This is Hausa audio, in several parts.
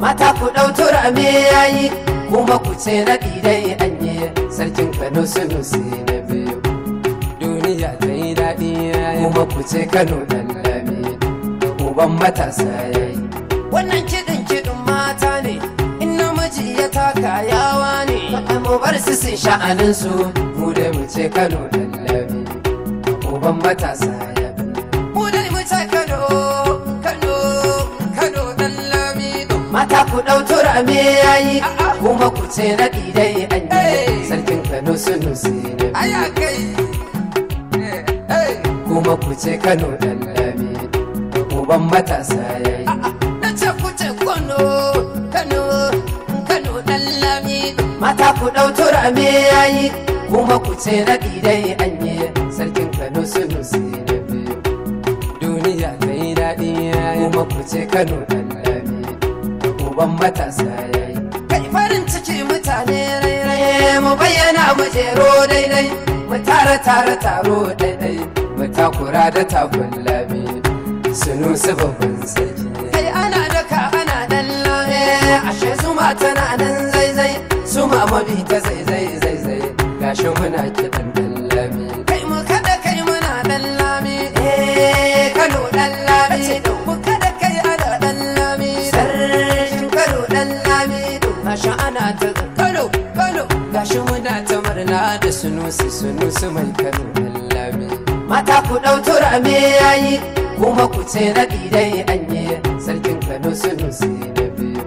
mata ku ɗau turame yayi kuma ku ce na dai anye sarkin kano sai na biyu duniya ta yi daɗi kuma ku ce kano lallami uban matasa yayi wannan kiɗin kiɗin mata ne in namiji ya taka yawa ne mu bar su sun sha'aninsu mu da mu ce kano lallami uban matasa yayi yayi kuma ku ce yi eh. sarkin kano sun eh, eh. kuma ku ce kano dallami uban matasa yayi ah, ah. na ce ku mata ku ɗau turame yayi kuma ku ce an yi sarkin kano duniya ta yi daɗi kuma ku uban matasa yayi kai farin ciki mutane rairaye mu bayyana mu jero daidai mu tara tara taro daidai mu takura da takun lami su su babban sarki kai ana ka ana dan lahe ashe zuma tana nan zaizai zuma mabi ta zaizai zaizai gashi muna kiɗan dan gashi muna ta murna da sunusi sunusi mai kano lallami mata ku ɗau me yayi kuma ku ce na dai anye sarkin kano sunusi na biyu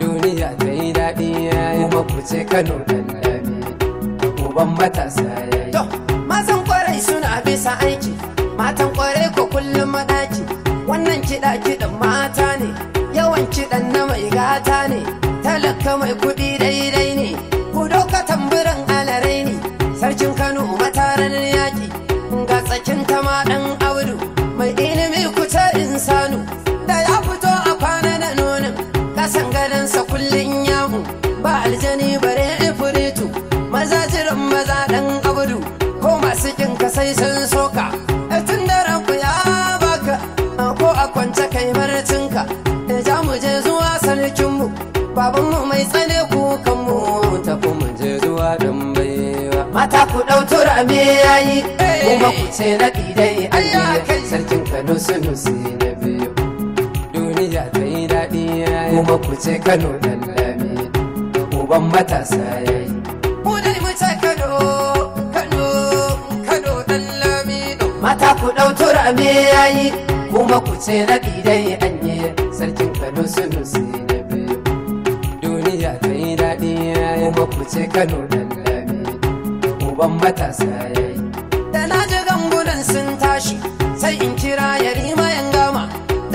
duniya ta yi daɗi yayi kuma ku ce kano lallami uban matasa yayi mazan kwarai suna bisa aiki matan kwarai ko kullum madaki wannan kiɗa kiɗan mata ne yawan kiɗan na mai gata ne talaka mai kuɗi ta kai barcinka da ja mu je zuwa sarkinmu babanmu mai tsane ku kan mu je zuwa don baiwa mata ku ɗau ya yayi kuma ku ce na ɗidai ayyukan sarkin kano sunu na biyu duniya ta yi daɗi yayi kuma ku ce kano dan lami uban matasa yi. ku da mu ce kano mata ku ɗau ya yayi kuma ku ce raɗi dai anye sarkin kano sunu na duniya ta yi daɗi ya ku ce kano lallami uban matasa ya yi da na ji gangunan sun tashi sai in kira yari gama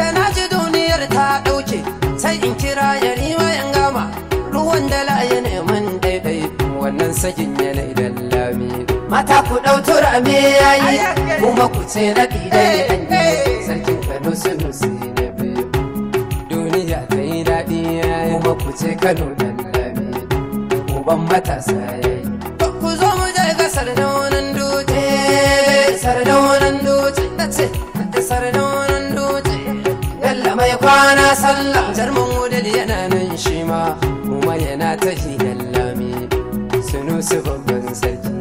da na ji duniyar ta ɗauke sai in kira yari gama ruwan da la'ayi neman daidai wannan sagin yanayi mata ku ɗau turame yayi kuma ku ce na ƙidai an eh, yi eh. sarkin kano sunu su na biyu duniya ta yi daɗi yayi kuma ku ce kano nan lami uban matasa yayi ku zo mu je ga sardaunan dutse sardaunan dutse na ce da sardaunan dutse Yalla mai kwana sallah jarman wudil yana nan shi ma kuma yana ta hidallami sunu su babban sarki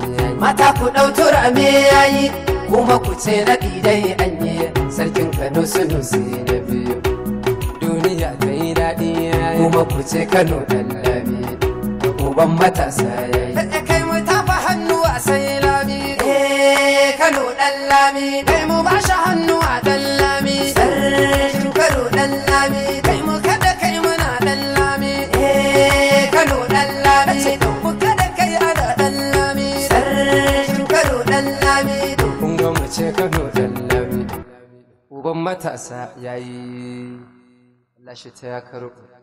mata ku ɗau ya yayi kuma ku ce na dai anye sarkin kano sunu na biyu duniya ta yi daɗi yayi kuma ku ce kano ɗan lami uban matasa yayi kai mu tafa hannu a sai lami eh kano ɗan lami Kano Jallabi, uban matasa yayi, Allah ta ya karɓo.